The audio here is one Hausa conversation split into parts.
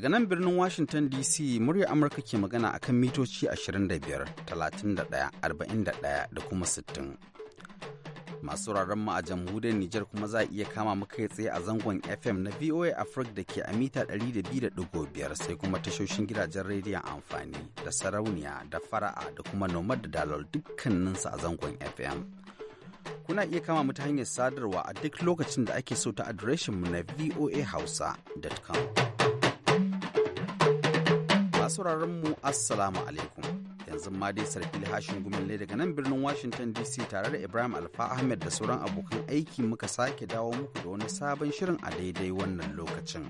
Daga nan birnin Washington DC murya Amurka ke magana a kan mitoci 25, 31, 41 da kuma 60. Masu sauraron mu a jamhuriyar Nijar kuma za a iya kama mu kai tsaye a zangon FM na VOA Africa da ke a mita 200.5 sai kuma tashoshin gidajen rediyon amfani da sarauniya da fara'a da kuma nomad da dalol dukkaninsa a zangon FM. kuna iya kama mu ta hanyar sadarwa a duk lokacin da ake so ta mu na voahausa.com. sauraron mu assalamu alaikum yanzu ma dai sarfil hashin ne daga nan birnin washington dc tare da ibrahim alfa ahmed da sauran abokan aiki muka sake dawo muku da wani sabon shirin a daidai wannan lokacin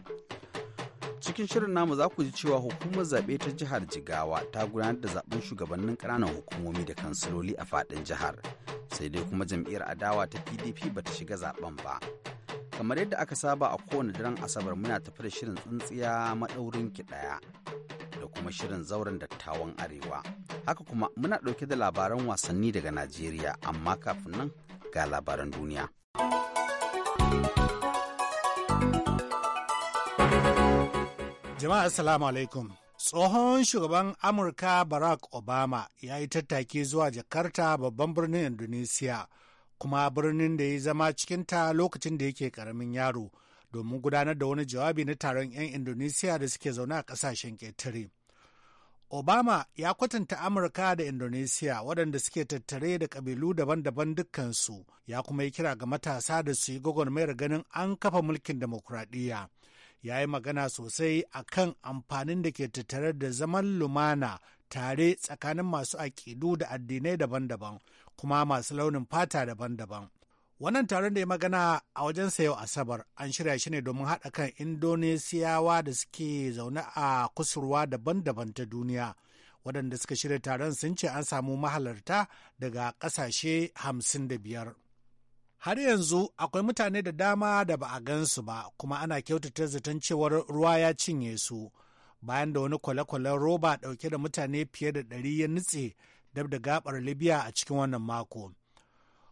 cikin shirin namu za ku ji cewa hukumar zaɓe ta jihar jigawa ta gudanar da zaɓen shugabannin ƙananan hukumomi da kansiloli a faɗin jihar sai dai kuma jam'iyyar adawa ta pdp ba ta shiga zaɓen ba kamar yadda aka saba a kowane daren asabar muna tafi da shirin tsintsiya maɗaurin ki ɗaya kuma shirin zauren dattawan Arewa. Haka kuma muna ɗauke da labaran wasanni daga Najeriya amma kafin nan ga labaran duniya. Jama'a Assalamu alaikum. Tsohon shugaban Amurka Barack Obama ya yi tattaki zuwa Jakarta babban birnin Indonesia, kuma birnin da ya zama cikinta lokacin da yake karamin yaro, domin gudanar da wani jawabi na taron 'yan indonesiya da suke zaune a ƙasashen ƙetare. Obama ya kwatanta Amurka da Indonesia waɗanda suke tattare da ƙabilu daban-daban dukkansu ya kuma yi kira ga matasa da su yi gwagwarmayar ganin an kafa mulkin demokuraɗiyya. Ya yi magana sosai a kan amfanin da ke tattare da zaman lumana tare tsakanin masu aƙidu da addinai daban-daban kuma masu launin fata daban-daban. Wannan taron da ya magana a wajen yau Asabar an shirya shi ne domin haɗa kan Indonesiyawa da suke zaune a kusurwa daban-daban ta duniya. Waɗanda suka shirya taron sun ce an samu mahalarta daga ƙasashe hamsin da biyar. Har yanzu akwai mutane da dama da ba a gansu ba kuma ana kyautata zaton cewar ruwa ya cinye su. Bayan da wani kwale-kwalen roba ɗauke da mutane fiye da ɗari ya nutse dab da gabar Libya a cikin wannan mako.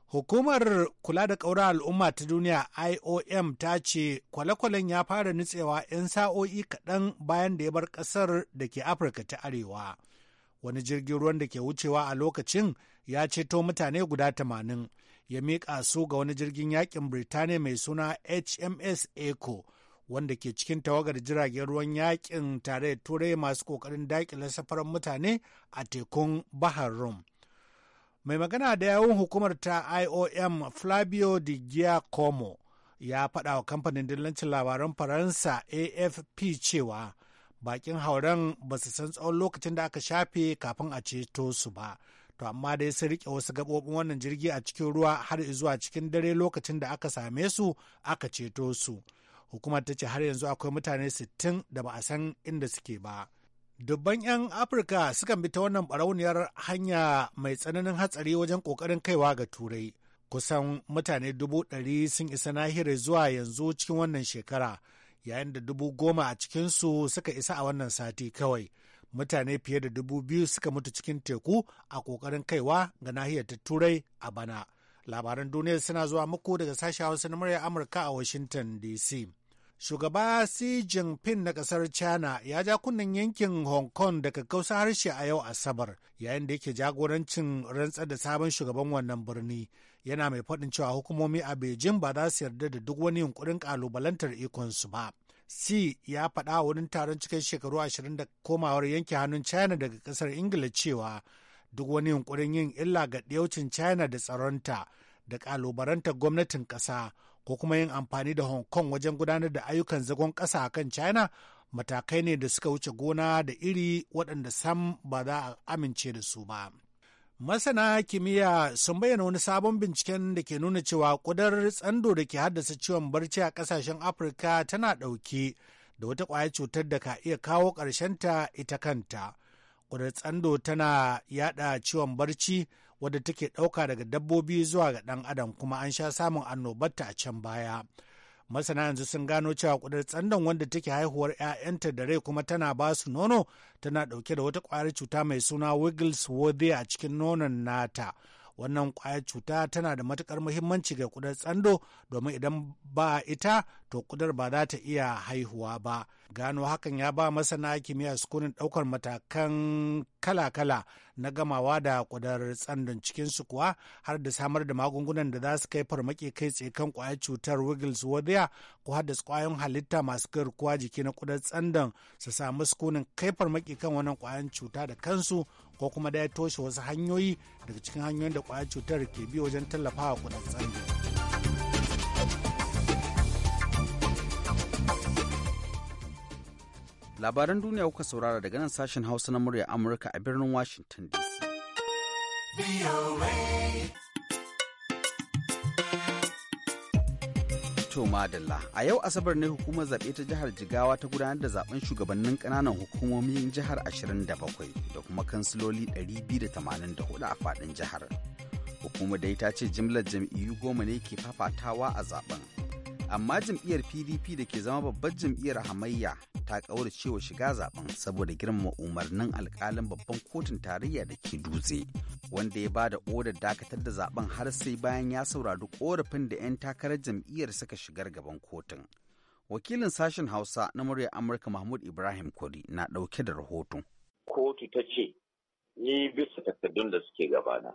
Hukumar kula da ƙaura al'umma ta duniya IOM ta ce kwale-kwalen ya fara nutsewa 'yan sa'o'i kaɗan bayan da ya bar ƙasar da ke Afirka ta Arewa. Wani jirgin ruwan da ke wucewa a lokacin ya ceto mutane guda tamanin ya miƙa su ga wani jirgin yakin Birtaniya mai suna HMS Echo, wanda ke cikin tawagar jiragen ruwan yakin tare turai masu ƙoƙarin daƙile safarar mutane a tekun Bahar Rum. mai magana da yawun hukumar ta iom flavio di giacomo ya faɗa wa kamfanin dillancin labaran faransa afp cewa bakin hauren ba su san tsawon lokacin da aka shafe kafin a ceto su ba to amma dai sun rike wasu gabobin wannan jirgi a cikin ruwa har zuwa cikin dare lokacin da aka same su aka ceto su hukumar ta ce har yanzu akwai mutane 60 da ba a san inda suke ba Dubban 'yan Afirka sukan bi ta wannan barauniyar hanya mai tsananin hatsari wajen ƙoƙarin kaiwa ga Turai. Kusan mutane dubu ɗari sun isa nahiyar zuwa yanzu cikin wannan shekara, yayin da dubu goma a cikinsu suka isa a wannan sati kawai. Mutane fiye da dubu biyu suka mutu cikin teku a ƙoƙarin kaiwa ga nahiyar ta Turai a bana. Labaran duniya suna zuwa muku daga sashen Hausa na murya Amurka a Washington DC. Shugaba Xi Jinping na kasar China ya ja kunnen yankin Hong Kong daga kausa harshe a yau Asabar yayin da yake jagorancin rantsar da sabon shugaban wannan birni. Yana mai faɗin cewa hukumomi a Beijing ba za su yarda da duk wani yunkurin ƙalubalantar ikonsu ba. Xi ya faɗa wurin taron cikin shekaru ashirin da komawar yanke hannun China daga ƙasar Ingila cewa duk wani yunkurin yin illa ga ɗiyaucin China da tsaronta da ƙalubalantar gwamnatin ƙasa ko kuma yin amfani da hong kong wajen gudanar da ayyukan zagon ƙasa a kan china matakai ne da suka wuce gona da iri waɗanda sam ba za a amince da su ba masana kimiyya sun bayyana wani sabon binciken da ke nuna cewa ƙudar tsando da ke haddasa ciwon barci a ƙasashen afirka tana ɗauke da wata ƙwayar cutar da ka iya kawo ƙarshenta ita kanta ƙudar tsando tana yada ciwon barci wadda take ɗauka daga dabbobi zuwa ga ɗan adam kuma an sha samun annobarta a can baya. masana yanzu sun gano cewa kudar tsandan wanda take haihuwar 'ya'yanta da rai kuma tana ba su nono tana dauke da wata kwayar cuta mai suna wode a cikin nonon nata wannan kwayar cuta tana da matukar muhimmanci ga kudar tsando domin idan ba ita to kudar ba za ta iya haihuwa ba Gano hakan ya ba masana kimiyya sukunin daukar matakan kala-kala na gamawa da kudar tsandon cikinsu kuwa har da samar da magungunan da za su kai farmaki kai tsaye kan kwayar cutar wiggles wadaya ko haddasa kwayoyin halitta masu garkuwa jiki na kudar tsandon su samu sukunin kai farmaki kan wannan kwayan cuta da kansu ko kuma da ya toshe wasu hanyoyi daga cikin hanyoyin da kwayar cutar ke bi wajen tallafawa kudar tsandon. Labaran duniya kuka saurara daga nan sashen Hausa na murya Amurka a birnin Washington DC. madalla a yau asabar ne hukumar zaɓe ta jihar Jigawa ta gudanar da zaben shugabannin ƙananan hukumomin jihar 27 da kuma kansiloli 284 a faɗin jihar. Hukumar dai ta ce jimlar jam'iyyu goma ne ke fafatawa a zaben. Amma jam'iyyar PDP da ke zama babbar jam'iyyar hamayya ta kaurace wa shiga zaben saboda girmama umarnin alkalin babban kotun tarayya da ke dutse wanda ya ba da odar dakatar da zaben har sai bayan ya saurari korafin da 'yan takarar jam'iyyar suka shigar gaban kotun wakilin sashen hausa na murya amurka mahmud ibrahim kori na ɗauke da rahoton kotu ta ce ni bisa takardun da suke gabana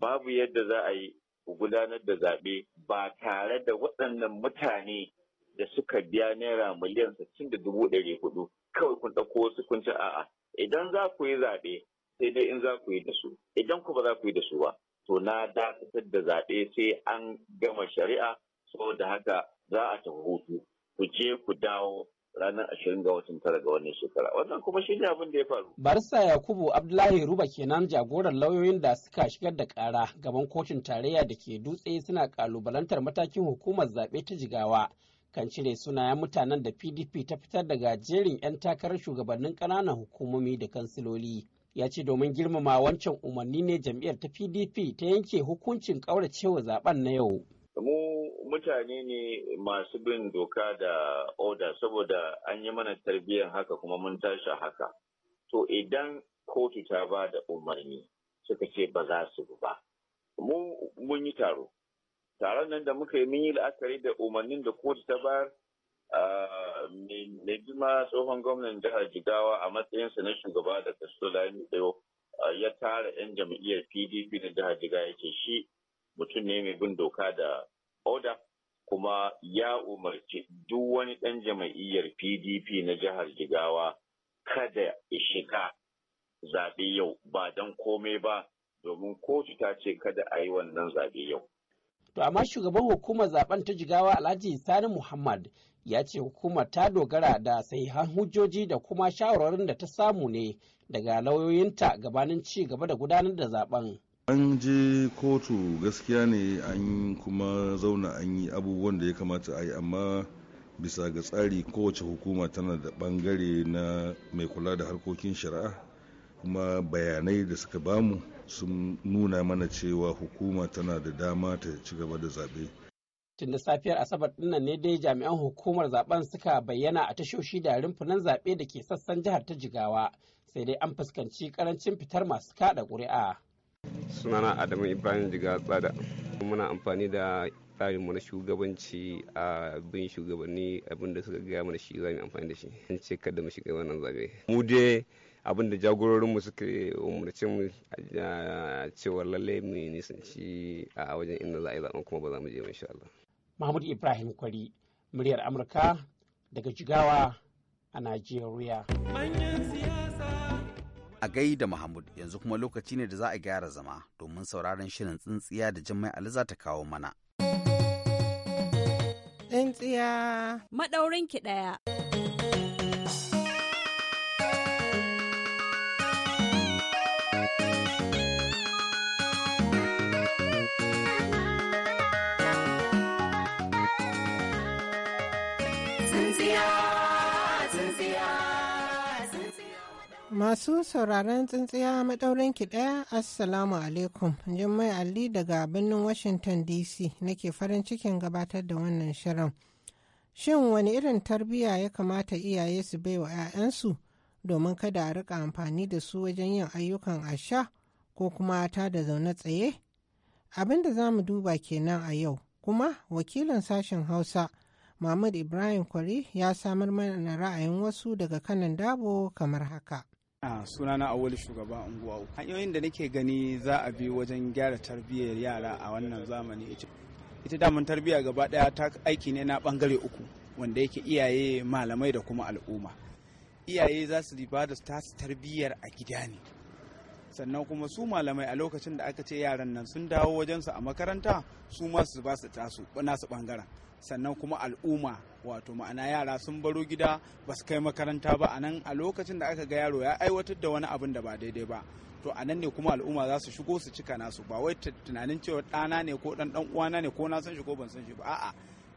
babu yadda za a yi gudanar da zaɓe ba tare da waɗannan mutane da suka biya naira miliyan sittin da dubu ɗari hudu kawai kun ɗauko wasu kun ci a'a idan za ku yi zaɓe sai dai in za ku yi da su idan ku ba za ku yi da su ba to na dakatar da zaɓe sai an gama shari'a saboda haka za a tafi hutu ku je ku dawo ranar ashirin ga watan tara ga wannan shekara wannan kuma shi ne abin da ya faru. barista yakubu abdullahi ruba kenan jagoran lauyoyin da suka shigar da kara gaban kotun tarayya da ke dutse suna kalubalantar matakin hukumar zaɓe ta jigawa kan cire sunayen mutanen da pdp ta fitar daga jerin 'yan takarar shugabannin ƙananan hukumomi da kansiloli ya ce domin girmama wancan umarni ne jam'iyyar ta pdp ta yanke hukuncin ƙauracewa zaben na yau mu mutane ne masu bin doka da oda saboda an yi mana tarbiyyar haka kuma mun tashi haka to idan kotu ta ba da umarni suka ce ba za su ba mu mun yi taro taron nan da muka yi mun yi la'akari da umarnin da kotu ta bayar mai bima tsohon gwamnan jihar jigawa a matsayinsa na shugaba da kaso lami tsayo ya tara 'yan jam'iyyar pdp na jihar jigawa yake shi mutum ne mai bin doka da oda kuma ya umarci duk wani ɗan jam'iyyar pdp na jihar jigawa kada ya shiga zaɓe yau ba don komai ba domin kotu ta ce kada a yi wannan zaɓe yau To amma shugaban hukumar zaben ta jigawa Alhaji Sani Muhammad ya ce hukumar ta dogara da sahihan hujjoji da kuma shawarwarin da ta samu ne daga lauyoyinta gabanin ci gaba da gudanar da zaben. An je kotu gaskiya ne an kuma zauna an yi abubuwan da ya kamata a yi amma bisa ga tsari kowace hukuma tana da bangare na mai kula da harkokin shari'a kuma bayanai da suka bamu sun nuna mana cewa hukuma tana da dama ta ci gaba da zabe Tun da safiyar Asabar dinnan ne dai jami'an hukumar zaben suka bayyana a tashoshi da rumfunan zaɓe da ke sassan jihar ta Jigawa sai dai an fuskanci karancin fitar masu kaɗa ƙuri'a. Sunana Adamu Ibrahim Jigawa Tsada. Muna amfani da tsarinmu na shugabanci a bin shugabanni abinda suka gaya mana shi za mu amfani da shi. An ce kada mu shiga wannan zaɓe. Mu dai abin da jagororinmu suke umarci mu a cewa lallai mu nisanci a wajen inda za a yi zaben kuma ba za mu je insha Allah. Mahmud Ibrahim Kwari, muryar Amurka daga Jigawa a Najeriya. A da Mahmud yanzu kuma lokaci ne da za a gyara zama domin sauraron shirin tsintsiya da Jummai Ali za ta kawo mana. Tsintsiya. ki ɗaya. Masu sauraron tsintsiya maɗaurin ki ɗaya Assalamu alaikum Jummai Ali daga birnin Washington DC nake farin cikin gabatar da wannan shirin. Shin wani irin tarbiyya ya kamata iyaye su bai wa 'ya'yansu domin kada a rika amfani da su wajen yin ayyukan asha ko kuma ta da zaune tsaye? Abin da za mu duba kenan a yau, kuma wakilin sashen Hausa Muhammad Ibrahim Kwari ya samar mana ra'ayin wasu daga kanan dabo kamar haka. suna sunana awali shugaba unguwa hanyoyin da nake gani za a bi wajen gyara tarbiyyar yara a wannan zamani ita damun tarbiyya gaba daya ta aiki ne na bangare uku wanda yake iyaye malamai da kuma al'umma iyaye za su riba da tasu tarbiyyar a gida ne sannan kuma su malamai a lokacin da aka ce yaran nan sun dawo wajensu a makaranta su ma su ba su tasu nasu bangaren sannan kuma al'umma wato ma'ana yara sun baro gida ba su kai makaranta ba a nan a lokacin da aka ga yaro ya aiwatar da wani abin da ba daidai ba to a nan ne kuma al'umma za su shigo su cika nasu ba wai tunanin cewa ɗana ne ko ɗan ɗan uwana ne ko na san shi ko ban san shi ba a'a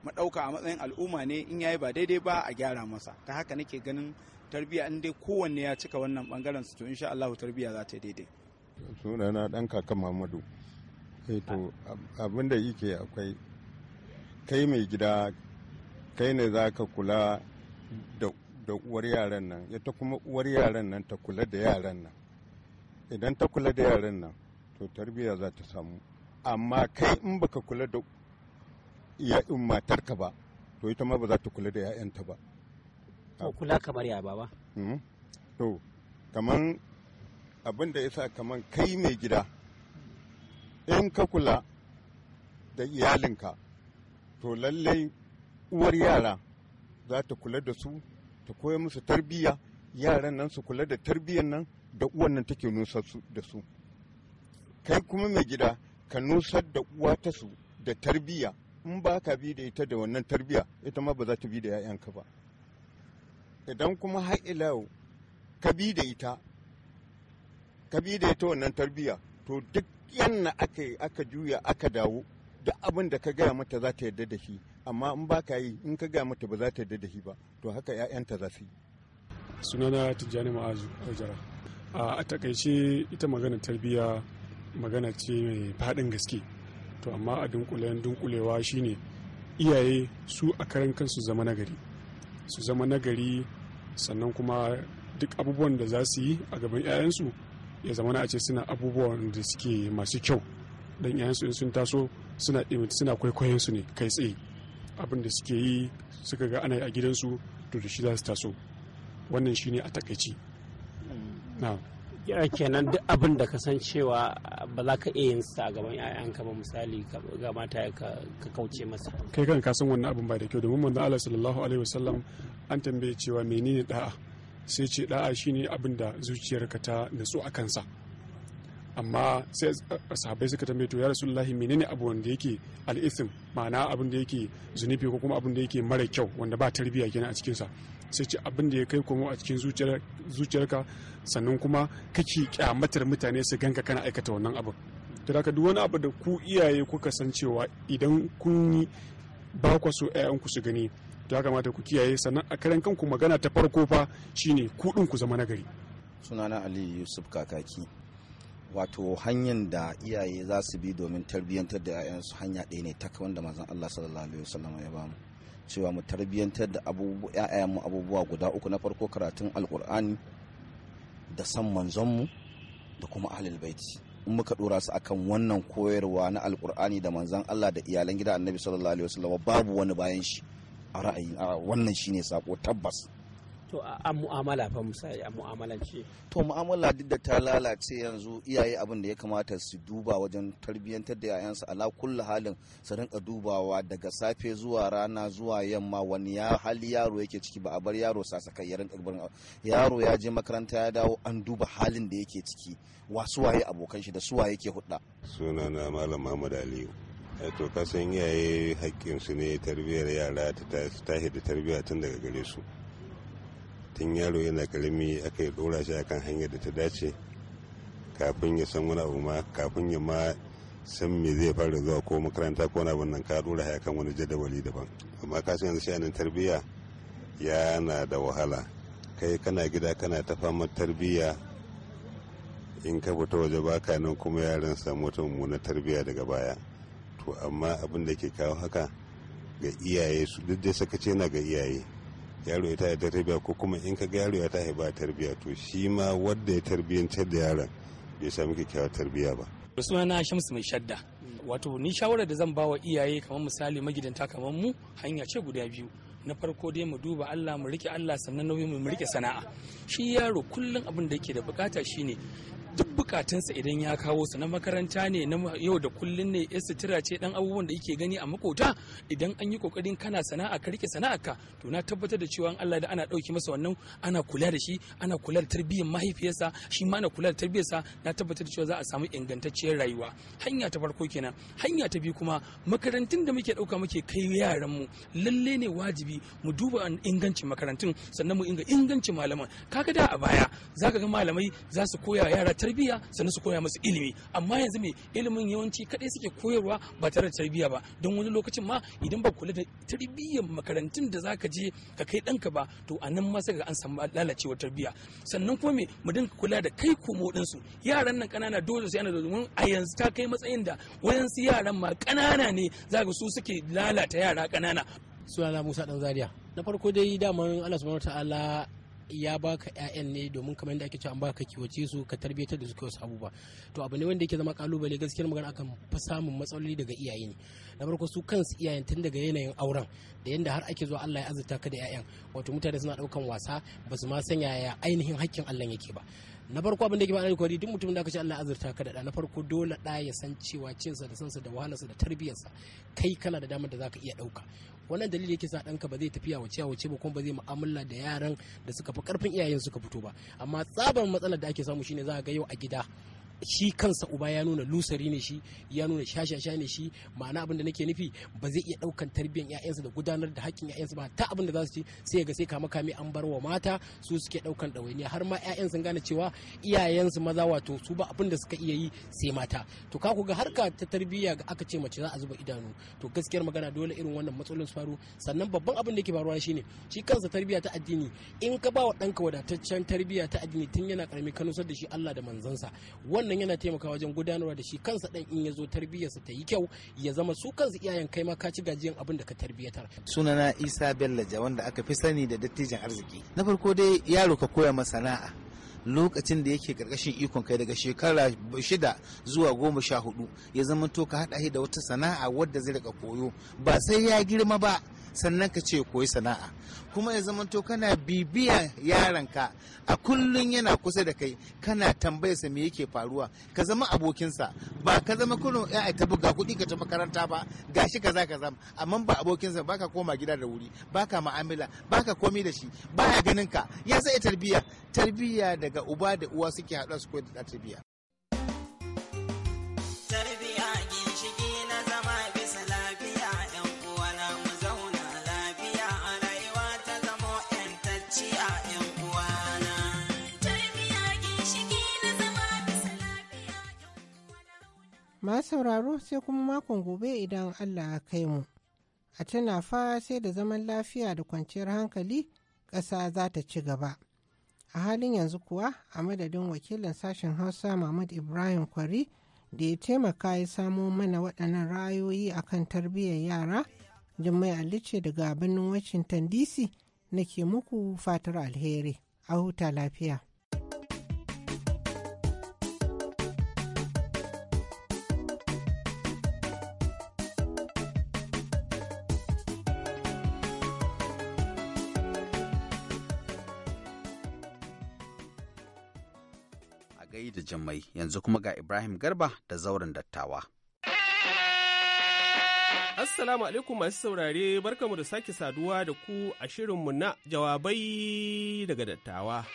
maɗauka a matsayin al'umma ne in yayi ba daidai ba a gyara masa ta haka nake ganin tarbiyya in dai kowanne ya cika wannan bangaren su to insha Allah tarbiyya za ta daidai sunana dan kaka Muhammadu eh to abin da yake akwai kai mai gida kai ne za ka kula da uwar yaran nan ita kuma uwar yaran nan ta kula da yaran nan idan ta kula da yaran nan to tarbiyya za ta samu amma kai in baka kula da matar matarka ba to ita ma ba za ta kula da 'ya'yanta ba Ko kula kamar ya baba hmm? to kamar abin da yasa kamar kai mai gida in ka kula da iyalinka to lallai uwar yara za ta kula da su ta koya musu tarbiyya yaran nan su kula da tarbiyyar nan da uwan nan take nusar da su kai kuma mai gida ka nusar da uwa ta su da tarbiyya in ba ka bi da ita da wannan tarbiyya ita ma ba za ta bi da 'ya'yanka ba idan kuma har ila ka bi da ita ka bi da ita wannan tarbiyya to duk yanna aka aka juya aka dawo duk abin da ka gaya mata za ta yarda da shi amma in ba ka yi in ka gaya mata ba za ta yarda da shi ba to haka 'ya'yanta za su yi sunana tijjani ma'azu ojara a takaice ita magana tarbiyya magana ce mai faɗin gaske to amma a dunkulen dunkulewa shine iyaye su a karan kansu zama nagari su zama nagari sannan kuma duk abubuwan da za su yi a gaban 'ya'yansu ya zama na ce suna abubuwan da suke masu kyau don 'ya'yansu in sun taso suna suna kwaikwayon su ne kai tsaye abin da suke yi suka ga ana yi a gidansu to da shi za su taso wannan shi ne a takaici na kenan duk abin da ka san cewa ba za ka iya yin sa a gaban ka ba misali ga mata ka kauce masa kai kan ka san wannan abin ba da kyau domin manzon Allah sallallahu alaihi wasallam an tambaye cewa menene da'a sai ce da'a shine abin da zuciyarka ta nutsu a kansa amma sai sahabbai suka tambaye to ya rasulullahi menene abu wanda yake al'isim ma'ana abin da yake zunubi ko kuma abin da yake mara kyau wanda ba tarbiyya kenan a cikin sai ce abin da ya kai komo a cikin zuciyarka sannan kuma kake kyamatar mutane su ganka kana aikata wannan abin to da duk wani abu da ku iyaye kuka san cewa idan kun yi ba ku so ku su gani to ya kamata ku kiyaye sannan a karan kanku magana ta farko fa shine ku din ku zama nagari sunana ali yusuf kakaki wato hanyar da iyaye za su bi domin tarbiyyantar da 'ya'yansu hanya ɗaya ne ta wanda manzon Allah sallallahu alaihi wasallam ya bamu cewa mu tarbiyyantar da mu abubuwa guda uku na farko karatun alkur'ani da san manzonmu da kuma ahlul baiti in muka dora su akan wannan koyarwa na alkur'ani da manzon Allah da iyalan gida annabi sallallahu alaihi wasallam babu wani bayan shi a ra'ayi wannan shine sako tabbas to a mu'amala fa misali a mu'amalance to mu'amala duk da ta lalace yanzu iyaye abin da ya kamata su duba wajen tarbiyyantar da yayansu ala kulli halin su rinka dubawa daga safe zuwa rana zuwa yamma wani ya hali yaro yake ciki ba a bar yaro sasakai ya rinka barin yaro ya je makaranta ya dawo an duba halin da yake ciki wa suwaye abokan shi da suwa yake hudda sunana malam Muhammad Aliyu eh, to kasan iyaye haƙƙinsu ne tarbiyyar yara ta tashi da tarbiyya tun daga gare su tun yaro yana karami aka yi dora shi akan hanyar da ta dace kafin ya san wani abu ma kafin ya ma san me zai fara zuwa ko makaranta ko abin nan ka dora shi kan wani jadawali daban amma ka san yanzu anan tarbiyya yana da wahala kai kana gida kana ta fama tarbiyya in ka fita waje baka nan kuma yaran samu wata mummunar tarbiyya daga baya to amma abin da ke kawo haka ga iyaye su duk da sakace na ga iyaye yaro ya tashi da tarbiya ko kuma in ka ga yaro ya tashi ba tarbiya to shi ma wanda ya tarbiyyantar da yaron bai sami kyakkyawar tarbiyya ba. na shamsu mai shadda wato ni shawarar da zan ba wa iyaye kamar misali magidanta kamar mu hanya ce guda biyu na farko dai mu duba Allah mu rike Allah sannan nauyin mu rike sana'a shi yaro kullum abin da yake da bukata shine duk bukatunsa idan ya kawo su na makaranta ne na yau da kullun ne ya sutura ce dan abubuwan da yake gani a makota idan an yi kokarin kana sana'a ka rike ka to na tabbatar da cewa Allah da ana dauki masa wannan ana kula da shi ana kula da tarbiyyar mahaifiyarsa shi ma ana kula da tarbiyyarsa na tabbatar da cewa za a samu ingantacciyar rayuwa hanya ta farko kenan hanya ta biyu kuma makarantun da muke dauka muke kai yaran mu lalle ne wajibi mu duba ingancin makarantun sannan mu inga ingancin malaman kaga da a baya zaka ga malamai za su koya yara tarbiyya sannan su koya musu ilimi amma yanzu me ilimin yawanci kadai suke koyarwa ba tare da tarbiyya ba don wani lokacin ma idan ba kula da tarbiyyar makarantun da za ka je ka kai ɗanka ba to a nan ma sai an samu lalacewar tarbiyya sannan kuma me mu dinga kula da kai komo dinsu yaran nan kanana dole sai ana da domin a yanzu ta kai matsayin da wayansu yaran ma ƙanana ne ga su suke lalata yara kanana sunana Musa Dan Zaria. Na farko dai damar Allah subhanahu ta'ala ya baka ƴaƴan ne domin kamar yadda ake cewa an baka kiwace su ka tarbiyyar da su kai wasu abubuwa to abu ne wanda yake zama kalubale gaskiyar magana akan fi samun matsaloli daga iyaye ne na farko su kansu iyayen tun daga yanayin auren da yanda har ake zuwa Allah ya azurta ka da ƴaƴan wato mutane suna ɗaukan wasa ba su ma san yaya ainihin hakkin Allah yake ba na farko abin da ke ba kwari duk mutumin da aka ce Allah azurta ka da ɗa na farko dole da ya san cewa cinsa da sansa da wahalarsa da tarbiyarsa kai kana da damar da zaka iya ɗauka wannan dalili yake sa ɗanka ba zai tafiya wace wace ba kuma ba zai mu'amala da yaran da suka fi karfin iyayen suka fito ba amma tsaban matsalar da ake samu shine za a ga yau a gida shi kansa uba ya nuna lusari ne shi ya nuna shashasha ne shi ma'ana abin da nake nufi ba zai iya daukan tarbiyyar 'ya'yansa da gudanar da hakkin 'ya'yansa ba ta abin da za su ci sai ga sai kama kame an bar wa mata su suke daukan ɗawainiya har ma 'ya'yan sun gane cewa iyayensu maza wato su ba abin da suka iya yi sai mata to ka ga harka ta tarbiyya ga aka ce mace za a zuba idanu to gaskiyar magana dole irin wannan matsalolin su faru sannan babban abin da yake faruwa shine shi kansa tarbiyya ta addini in ka ba wa ɗanka wadataccen tarbiyya ta addini tun yana karami ka nusar da shi Allah da manzansa wannan yana taimakawa wajen gudanarwa da shi kansa dan in ya zo tarbiyyarsa ta yi kyau ya zama su kansu iyayen kai ma ka ci gajiyan abin da ka tarbiyyatar sunana isa bellaja wanda aka fi sani da dattijin arziki na farko dai yaro ka koya sana'a lokacin da yake karkashin ikon kai daga shekara shida zuwa goma sha hudu ya zama to ka haɗa da wata sana'a wadda zai rika koyo ba sai ya girma ba sannan ka ce koyi sana'a kuma ya zama to kana bibiya yaranka a kullun yana kusa da kai kana tambayar sa me yake faruwa ka zama abokinsa ba ka zama kullum ya ta buga kuɗi ka ta makaranta ba gashi kaza zama amma ba abokinsa baka koma gida da wuri baka ma'amala baka komi da shi baya ganin ka ya sai tarbiya tarbiya daga uba da uwa suke haɗuwa su koyi da tarbiya. Ma sauraro sai kuma makon gobe idan Allah ya kai mu. A tuna fa sai da zaman lafiya da kwanciyar hankali ƙasa za ta ci gaba. A halin yanzu kuwa a madadin wakilin sashen Hausa Muhammad Ibrahim Kwari da ya taimaka ya samo mana waɗannan ra'ayoyi akan tarbiyyar yara Jummai Ali ce daga birnin Washington DC nake muku fatar alheri. A huta lafiya. gai da jimai yanzu kuma ga Ibrahim Garba da zauren dattawa. Assalamu alaikum masu saurare barkamu da sake saduwa da ku a shirinmu na jawabai daga dattawa.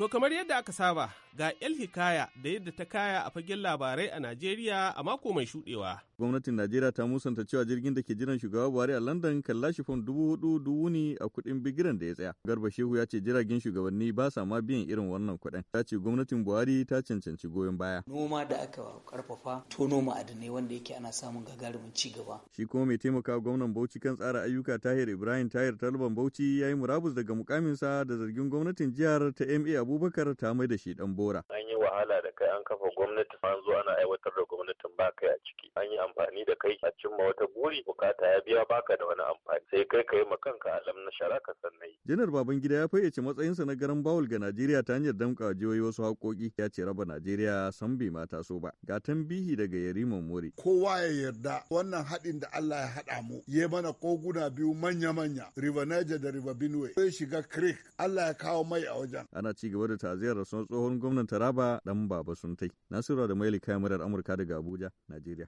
To kamar yadda aka saba ga El Hikaya da yadda ta kaya a fagen labarai a Najeriya a mako mai shudewa. Gwamnatin Najeriya ta musanta cewa jirgin da ke jiran shugaba Buhari a London kan lashe fam dubu hudu dubu ne a kudin bigiran da ya tsaya. Garba Shehu ya ce jiragen shugabanni ba sa ma biyan irin wannan kuɗin. Ta ce gwamnatin Buhari ta cancanci goyon baya. Noma da aka karfafa tono ma'adanai wanda yake ana samun gagarumin ci gaba. Shi kuma mai taimaka gwamnan Bauchi kan tsara ayyuka Tahir Ibrahim Tahir Talban Bauchi ya yi murabus daga mukaminsa da zargin gwamnatin jihar ta MA Abubakar ta mai da shi dan Bora. An yi wahala da kai an kafa gwamnati an zo ana aiwatar da gwamnatin ba kai a ciki. An yi amfani da kai a cimma wata buri bukata ya biya baka da wani amfani sai kai kai ma kanka alam na sharaka sannan yi. Janar Babangida ya fayyace matsayinsa na garan bawul ga Najeriya ta hanyar damƙa jihohi wasu haƙoƙi ya ce raba Najeriya san bai mata so ba. Ga tambihi daga Yariman Mori. Kowa ya yarda wannan haɗin da Allah ya haɗa mu ya mana koguna biyu manya-manya River Niger da River Benue. Sai shiga Creek Allah ya kawo mai a wajen. Ana ci gaba da taziyar rasuwar tsohon gwamnati gwamnan Taraba dan Baba sun tai Nasiru da Maili murar Amurka daga Abuja, Najeriya.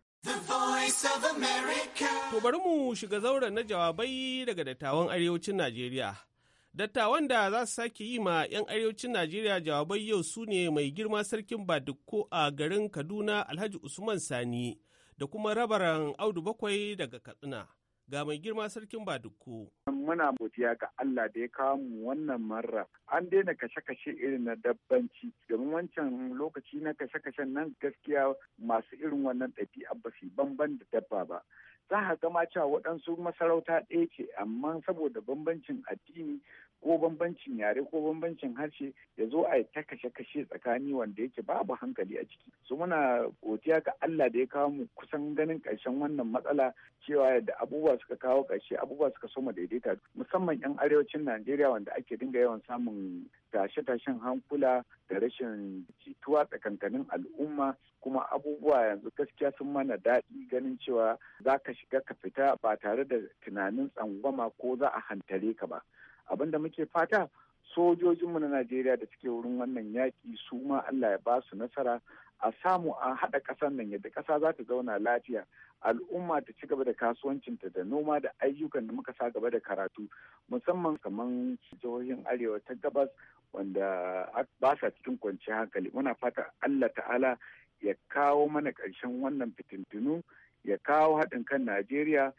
To bari mu shiga zauren na jawabai daga dattawan arewacin Najeriya. Dattawan da za su sake yi ma 'yan arewacin Najeriya jawabai yau su ne mai girma sarkin Badukko a garin Kaduna Alhaji Usman Sani da kuma rabaran Audu Bakwai daga Katsina. ga mai girma sarkin baduku. Muna godiya ga Allah da ya kawo mu wannan marra. An daina kashe-kashe irin na dabbanci. Domin wancan lokaci na kashe-kashen nan gaskiya masu irin wannan ɗabi'a ba su banban da dabba ba. Za a gama cewa waɗansu masarauta ɗaya ce amma saboda bambancin addini ko bambancin yare ko bambancin harshe ya zo a ta kashe-kashe tsakani wanda yake babu hankali a ciki su muna godiya ga Allah da ya kawo mu kusan ganin karshen wannan matsala cewa yadda abubuwa suka kawo karshe abubuwa suka soma daidaita musamman 'yan arewacin Najeriya wanda ake dinga yawan samun tashe-tashen hankula da rashin jituwa tsakankanin al'umma kuma abubuwa yanzu gaskiya sun mana daɗi ganin cewa za ka shiga ka fita ba tare da tunanin tsangwama ko za a hantare ka ba. abin da muke fata sojojinmu na najeriya da suke wurin wannan yaƙi su ma allah ya ba su nasara a samu a haɗa ƙasar nan yadda ƙasa za ta zauna lafiya al'umma ta ci gaba da kasuwancinta da noma da ayyukan da muka sa gaba da karatu musamman kamar jihohin arewa ta gabas wanda ba sa cikin kwanciyar hankali muna fata allah ta'ala ya kawo mana ƙarshen wannan fitintunu ya kawo haɗin kan najeriya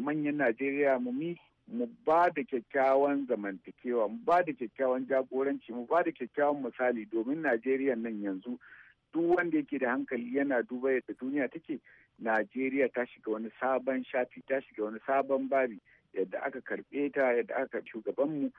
manyan najeriya mu mi mu ba da kyakkyawan zamantakewa mu ba da kyakkyawan jagoranci mu ba da kyakkyawan misali domin najeriya nan yanzu duk wanda yake da hankali yana duba yadda duniya take najeriya ta shiga wani sabon shafi ta shiga wani sabon babi yadda aka karbe ta yadda aka karbi shugabanmu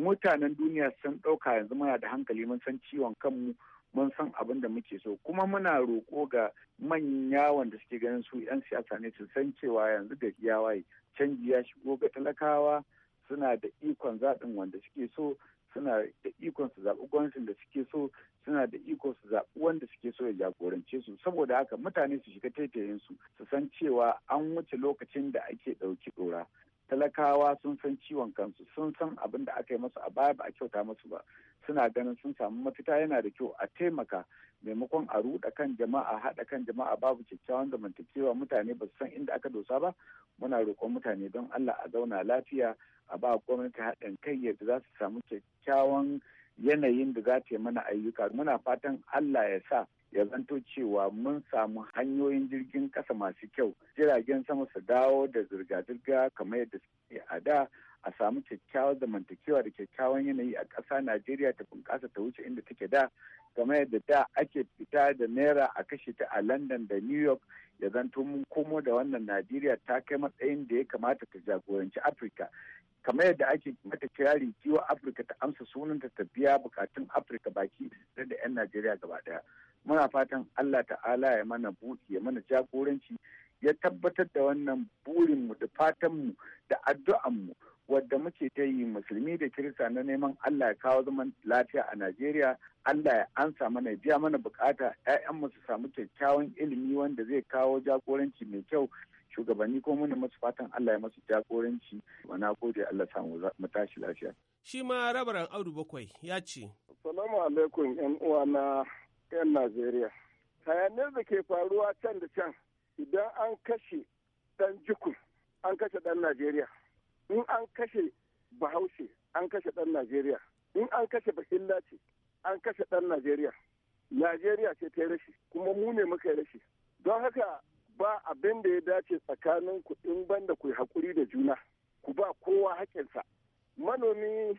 mutanen duniya sun ɗauka yanzu muna da hankali mun san ciwon kanmu mun san abin da muke so kuma muna roƙo ga manya wanda suke ganin su 'yan siyasa ne su san cewa yanzu da waye canji ya shigo ga talakawa suna da ikon zaɓin wanda suke so suna da ikon su zaɓi gwamnatin da suke so suna da iko su zaɓi wanda suke so ya jagorance su saboda haka mutane su shiga taitayen su su san cewa an wuce lokacin da ake ɗauki ɗora talakawa sun san ciwon kansu sun san abin da aka yi masu a baya ba a kyauta masu ba suna ganin sun samu mafita yana da kyau a taimaka maimakon a ruɗa kan jama'a haɗa kan jama'a babu kyakkyawan zamantakewa mutane ba su san inda aka dosa ba muna roƙon mutane don Allah a zauna lafiya a ba gwamnati haɗin kai yadda za su samu kyakkyawan yanayin da za ta yi mana ayyuka muna fatan Allah ya sa ya zanto cewa mun samu hanyoyin jirgin kasa masu kyau jiragen sama su dawo da zirga-zirga kamar yadda suke a da a samu kyakkyawar zamantakewa da kyakkyawan yanayi a ƙasa najeriya ta bunƙasa ta wuce inda take da kamar yadda da ake fita da naira a kashe ta a london da new york ya zanto mun komo da wannan najeriya ta kai matsayin da ya kamata ta jagoranci afirka kamar yadda ake mata kirari kiwo afirka ta amsa sunanta ta biya bukatun afirka baki da 'yan najeriya gaba daya muna fatan Allah ta'ala ya mana buɗi ya mana jagoranci ya tabbatar da wannan burinmu da fatanmu da addu'anmu wadda muke ta yi musulmi da kirista na neman Allah ya kawo zaman lafiya a Najeriya Allah ya ansa mana ya biya mana bukata mu su samu kyakkyawan ilimi wanda zai kawo jagoranci mai kyau shugabanni ko muna masu fatan Allah ya masu jagoranci na gode Allah samu mu tashi lafiya shi ma rabaran Audu bakwai ya ce assalamu alaikum yan uwa na 'yan Najeriya. Hayaniyar da ke faruwa can da can idan an kashe ɗan jikun an kashe ɗan Najeriya. In an kashe bahaushe an kashe ɗan Najeriya. In an kashe bahilla ce an kashe ɗan Najeriya. Najeriya ce ta rashi kuma mu ne muka rashi. Don haka ba abin da ya dace tsakanin ku in banda ku hakuri da juna ku ba kowa haƙinsa. Manomi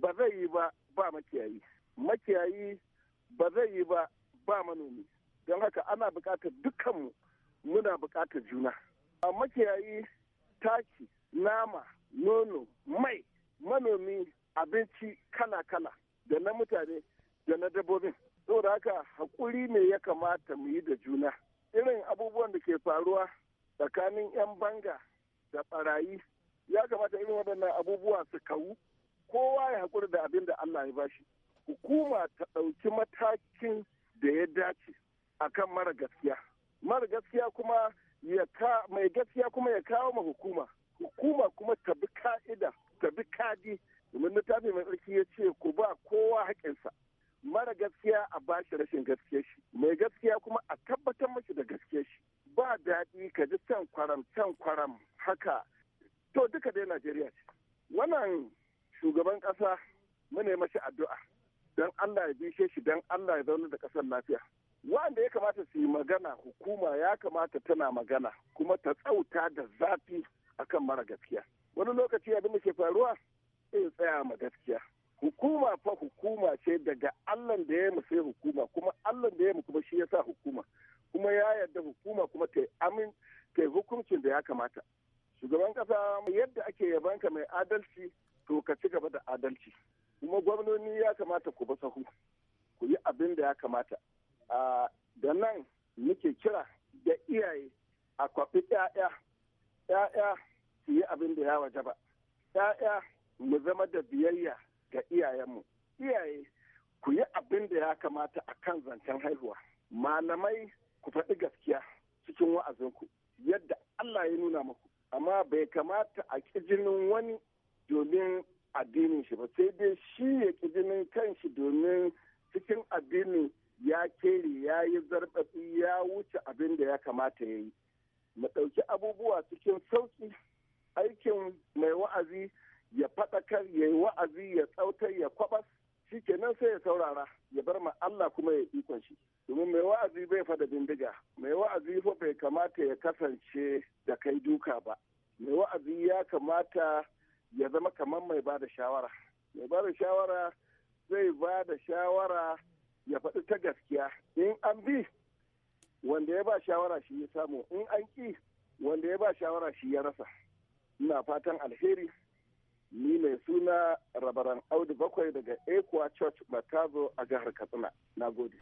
ba zai yi ba ba makiyayi. Makiyayi ba zai yi ba ba manomi don haka ana bukatar dukkanmu muna bukatar juna a makiyayi taki nama nono mai manomi abinci kala-kala da na mutane da na dabbobin saboda haka hakuri ne ya kamata mu yi da juna irin abubuwan da ke faruwa tsakanin 'yan banga da ɓarayi ya kamata irin waɗannan abubuwa su kawu kowa ya haƙuri da abin da Allah ya bashi hukuma ta ɗauki matakin da ya dace akan mara gaskiya mara gaskiya kuma ya ka mai gaskiya kuma ya kawo ma hukuma hukuma kuma ta bi ka'ida ta bi kadi domin littafi mai tsarki ya ce ku ba kowa haƙinsa mara gaskiya a bashi rashin gaskiya shi mai gaskiya kuma a tabbatar mashi da gaskiya shi ba daɗi ka ji can kwaram can kwaram haka to duka dai najeriya ce wannan shugaban ƙasa mu ne mashi addu'a don Allah ya bishe shi don Allah ya zauna da ƙasar lafiya. Wanda ya kamata su yi magana hukuma ya kamata tana magana kuma ta tsauta da zafi akan mara gaskiya. Wani lokaci abin da ke faruwa sai tsaya ma gaskiya. Hukuma fa hukuma ce daga Allah da ya sai hukuma kuma Allah da ya kuma shi ya sa hukuma kuma ya yarda hukuma kuma ta amin ta hukuncin da ya kamata. Shugaban kasa yadda ake yabanka mai adalci to ka ci gaba da adalci. kuma gwamnoni ya kamata ku ba sahu ku yi abin da ya kamata da nan muke kira da iyaye a kwafi 'ya'ya 'ya'ya su yi abin da ya wajaba 'ya'ya mu zama da biyayya ga iyayenmu iyaye ku yi abin da ya kamata a kan zancen haihuwa malamai ku faɗi gaskiya cikin wa'azinku yadda Allah ya nuna muku amma bai kamata a ƙi jinin wani domin addinin shi ba sai dai shi ya ƙi jinin kanshi domin cikin addinin ya keri ya yi zarɓaɓi ya wuce abin da ya kamata ya yi mu ɗauki abubuwa cikin sauƙi aikin mai wa'azi ya faɗakar ya yi wa'azi ya tsautar ya kwabas shi kenan sai ya saurara ya bar ma Allah kuma ya ikon shi domin mai wa'azi bai fada bindiga mai wa'azi fa bai kamata ya kasance da kai duka ba mai wa'azi ya kamata ya zama kamar mai bada shawara mai bada shawara zai ba da shawara ya faɗi ta gaskiya in an bi wanda ya ba shawara shi ya samu in an ƙi wanda ya ba shawara shi ya rasa ina fatan alheri ni mai suna rabaran audu bakwai daga equa church matazo a jihar katsina na gode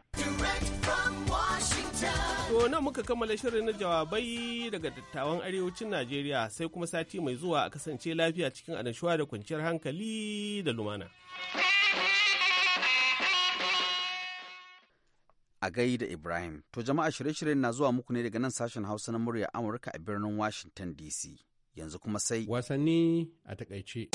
To nan muka kammala shirin na jawabai daga dattawan arewacin Najeriya sai kuma sati mai zuwa a kasance lafiya cikin annashuwa da kwanciyar hankali da lumana. A gai da Ibrahim, to jama'a shirye-shiryen na zuwa muku ne daga nan sashen Hausa na murya Amurka a birnin Washington DC. Yanzu kuma sai wasanni a takaice.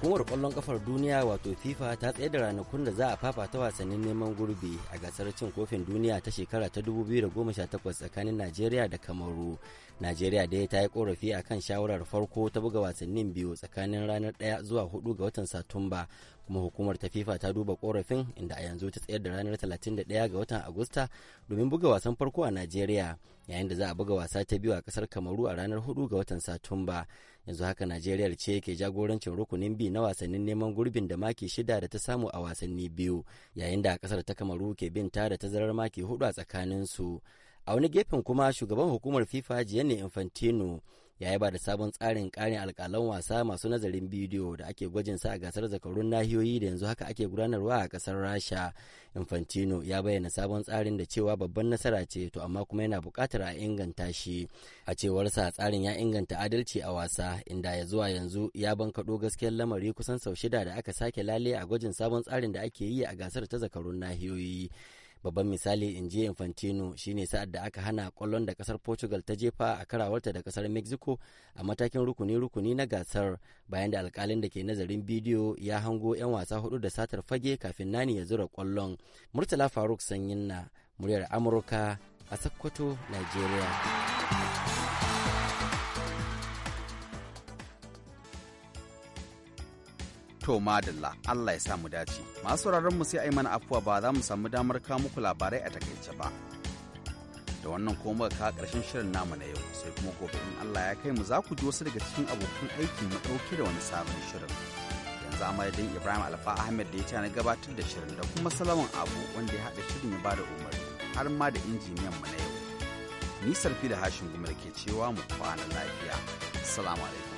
hukumar kwallon kafar duniya wato fifa ta tsaye da ranakun da za a fafata wasannin neman gurbi a gasar cin kofin duniya ta shekara ta 2018 tsakanin najeriya da kamaru najeriya dai ta yi korafi a kan shawarar farko ta buga wasannin biyu tsakanin ranar 1 zuwa hudu ga watan satumba kuma hukumar ta fifa ta duba korafin inda a yanzu ta tsayar da ranar 31 ga watan agusta domin buga wasan farko a najeriya yayin da za a buga wasa ta biyu a kasar kamaru a ranar hudu ga watan satumba yanzu haka najeriya ce ke jagorancin rukunin bi na wasannin neman gurbin da maki shida da ta samu a wasanni biyu yayin da kasar ta kamaru ke bin ta da tazarar maki hudu a tsakanin su a wani gefen kuma shugaban hukumar fifa ne infantino ya yaba da sabon tsarin ƙarin alkalan wasa masu nazarin bidiyo da ake gwajin sa a gasar zakarun nahiyoyi da yanzu haka ake gudanarwa a ƙasar rasha infantino ya bayyana sabon tsarin da cewa babban nasara ce to amma kuma yana buƙatar a inganta shi a cewarsa tsarin ya inganta adalci a wasa inda ya zuwa yanzu ya bankaɗo gaskiyar lamari kusan sau shida da aka sake lale a gwajin sabon tsarin da ake yi a gasar ta zakarun nahiyoyi babban misali in je infantino shine sa'ad da aka hana kwallon da kasar portugal ta jefa a karawarta da kasar mexico a matakin rukuni-rukuni na gasar bayan da alkalin da ke nazarin bidiyo ya hango 'yan wasa hudu da satar fage kafin nani ya zura kwallon murtala faruk sanyin na muryar amurka a sakkwato nigeria To madalla Allah ya samu dace. Masu mu sai a yi mana afuwa ba za mu samu damar kawo muku labarai a takaice ba. Da wannan kuma ka karshen shirin namu na yau sai kuma gobe in Allah ya kai mu za ku ji wasu daga cikin abokan aiki mu ɗauke da wani sabon shirin. Yanzu a Ibrahim Alfa Ahmed da ya na gabatar da shirin da kuma Salaman Abu wanda ya haɗa shirin ya ba da umarni har ma da injiniyan mu na yau. Ni sarfi da hashin gumar ke cewa mu kwana lafiya. Assalamu alaikum.